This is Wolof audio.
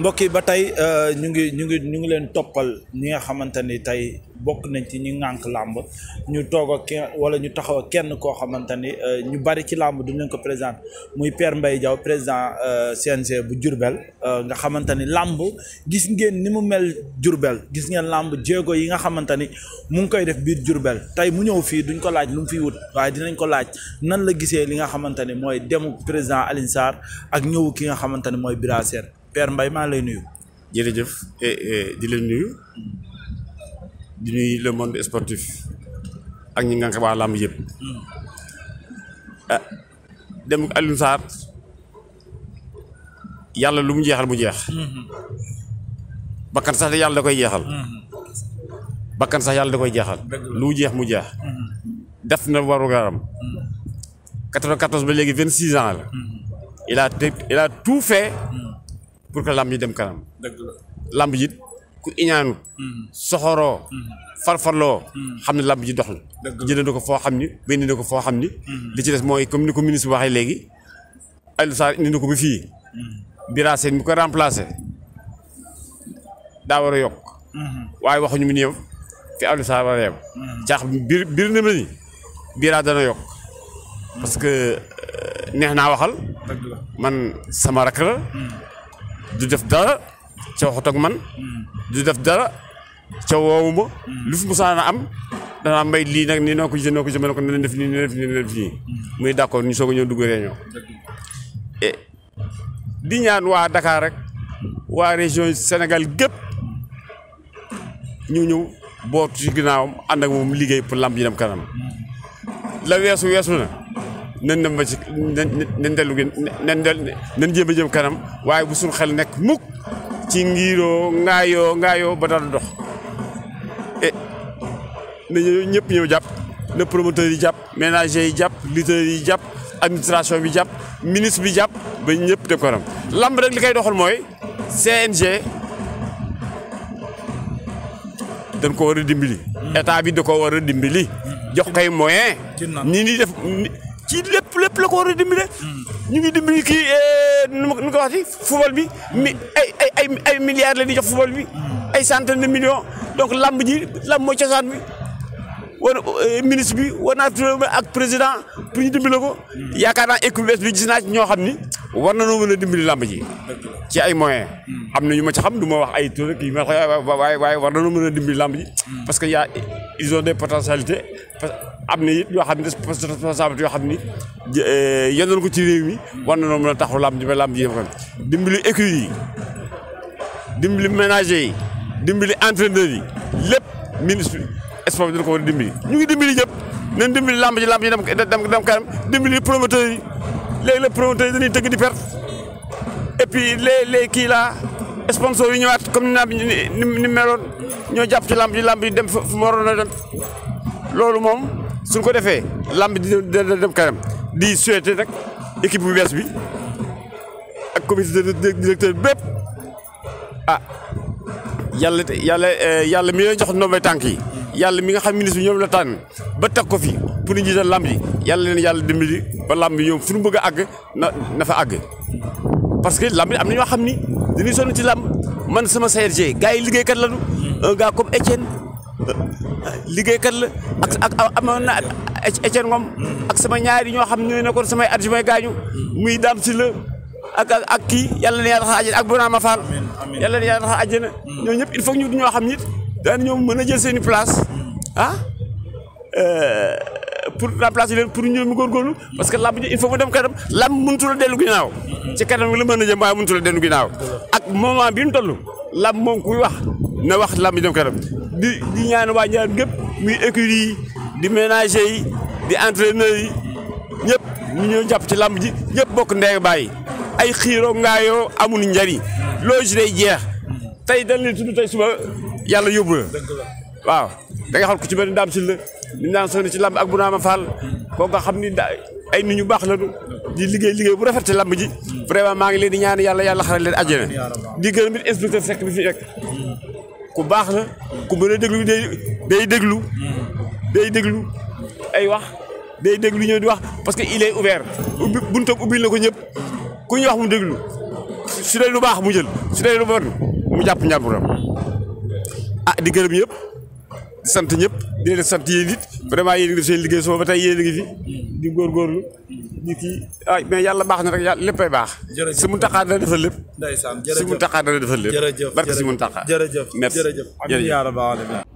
mbokk yi ba tey euh, ñu ngi ñu ngi ñu ngi leen toppal ñi nga xamante ni tey bokk nañ ci ñu ŋànk làmb ñu toog ak kenn wala ñu taxaw kenn koo xamante ni euh, ñu bari ci làmb duñ leen ko présenté muy Père Mbaye Diaw président euh, CNG bu Diourbel nga xamante ni làmb gis ngeen ni mu mel Diourbel gis ngeen làmb jéego yi nga xamante ni mu ngi koy def biir Diourbel tey mu ñëw fii duñ ko laaj lu mu fiy wut waaye dinañ ko laaj nan la gisee li nga xamante ni mooy demu président Alioune ak ñëw ki nga xamante ni mooy Bira Sène Père Mbaye maa lay nuyu. jërëjëf eh, eh, di leen nuyu di nuyu le monde sportif ak ñi nga xam waa làmb yëpp. Eh, dem Alioune Sarr yàlla lu mu jeexal mu jeex. bakkan sax da yàlla da koy jeexal. bakkan sax yàlla da koy jeexal. lu jeex mu jeex. def na waru garam. 94 mm-hmm. ba léegi 26 ans la. Mm-hmm. il tout fait. Mm-hmm. pour que làmb yi dem kanam. dëgg làmb yi ku iñaanu. Hmm. soxoroo. Hmm. farfarloo. Hmm. xam ne làmb ji dox la. jëlee na ko foo xam ni benn na ko foo xam ni. li ci des mooy comme ni ko ministre waxee léegi. Alioune Sarr indi na ko ba fii. Bira Sène mi ko remplacé daa war a yokk. waaye waxuñu mu ne yow fi Alioune Sarr war a yem. caax bir bir na ma dana yokk. parce que euh, neex naa waxal. man sama rakk du def dara ca waxut man du def dara ca woowu ma lu fi musaana am danaa mbay lii nag nii noo ko gisee noo ko gisee ma ne def nii def nii def nii muy d'accord ñu soog a ñëw dugg eh. di ñaan waa Dakar rek waa région Sénégal gépp ñu ñëw bootu ci ginnaawam ànd ak moom liggéey pour lamb ji dem kanam la weesu weesu na. nan na ba ci nan dellu gi nan nan jéem a jëm kanam waaye bu suñu xel nekk mukk ci ngiiroo ngaayoo ngaayoo ba dara dox e eh, nañu ñëpp ñëw jàpp na promoteur yi jàpp ménager yi jàpp lutteurs yi jàpp administration bi jàpp ministre bi jàpp ba ñëpp def kanam lamb rek li koy doxal mooy CNG dañ ko war a dimbali mm. état bi da ko war a dimbali mm. jox kay moyen ñi def ci lépp lépp la ko war a dimbale. ñu ngi dimbali kii eh, nu ma nu ma ko waxati football bi mi ay ay ay ay la di jox football bi ay centaine million donc lamb ji lamb mooy cosaan bi. war euh, ministre bi war naa tuddee ak président pour ñu dimbali ko hmm. yaakaar naa équipe bi gis naa ñoo xam ni war na noo mën a dimbali ji ci ay moyen hmm. am na ñu ma ci xam du ma wax ay tur kii ma waaye waaye war na noo mën a dimbali làmb ji hmm. parce que yaa ils ont des potentialités parce que am na it yoo xam ne responsabilité yoo xam ni euh, yendoon ko ci réew mi war na noo mën a taxaw làmb ji ba làmb ji yëpp dimbali écurie yi dimbali ménager yi dimbali entraîneur yi lép ministre sport bi dina ko war a ñu ngi dimbali ñëpp nañ dimbali làmb ji lamb ji dem dem kanam dimbali promoteur yi léegi la promoteur yi dañuy tëgg di perte et puis les les kii laa sponsors yi ñëwaat comme ni naa bi ni ni meloon ñoo jàpp ci làmb ji làmb ji dem fu mu waroon a dem loolu moom suñ ko defee lamb ji dina dem kanam di souhaiter rek équipe bu bees bi ak comité directeur bépp ah yàlla yàlla eh, yàlla mi leen jox ndombay tànk yi yàlla mi nga xam ministre bi ñoom la tànn ba teg ko fi pour ñu jiital làmb yi yàlla leen yàlla dimbali ba làmb yi ñoom fu ñu bëgg a àgg àgg. parce que lamb am na ñoo xam ni dañuy sonn ci làmb man sama CRG gars yi liggéeykat lañu un gars comme Étienne liggéeykat la ak ak amoon na Étienne Ngom ak sama ñaari ñoo xam ñooy nekkoon samay adjoint gaañu muy daam si la ak ak ak kii yàlla na yàlla a àjjana ak Bourama Fall yàlla na yàlla tax a àjjana hmm. ñoo ñëpp il faut ñu ñoo xam nit daan ñoom mën a jël seen i place ah euh, pour remplacer leen pour ñoom ñu góorgóorlu parce que làmb ji il dem kanam làmb mënutu la dellu ginnaaw ci kanam gi la mën a jëm waaye mënutu la dellu ak moment bi ñu toll moom kuy wax na wax làmb ji dem kanam di di ñaan waa Njaañ gépp muy écurie di ménager di entraîneur yi ñëpp ñu ñëw jàpp ci làmb ji ñëpp bokk ndee bàyyi ay xiiroo ngaayoo amul njariñ loo ji jeex tey dañ leen tudd tey suba yàlla yóbbu waaw da xam ku ci mel ni daam si la ñu naan sonn ci làmb ak bu naama faal koo nga xam ni daa ay nit ñu baax la du di liggéey liggéey bu rafet ci làmb ji vraiment maa ngi leen di ñaan yàlla yàlla xaral leen ne di gërëm it inspecteur Seck bi fi rek ku baax la ku mën a déglu day day déglu day déglu ay wax day déglu ñëw di wax parce que il est ouvert ubbi buntam ubbil na ko ñëpp ku ñu wax mu déglu si dee lu baax mu jël si dee lu bon mu jàpp ñàmburam ah di gërëm ñëpp di sant ñëpp di leen sant yéen it vraiment yéen a ngi def seen liggéey soo ba tey yéen a ngi fi góor góorgóorlu di kii ah yàlla baax na rek yàlla léppay baax. jërëjëf si mu taxaa dana defal lépp. ndeysaan jërëjëf si mu taxaa dana defal lépp. jërëjëf barke si mu taxaa.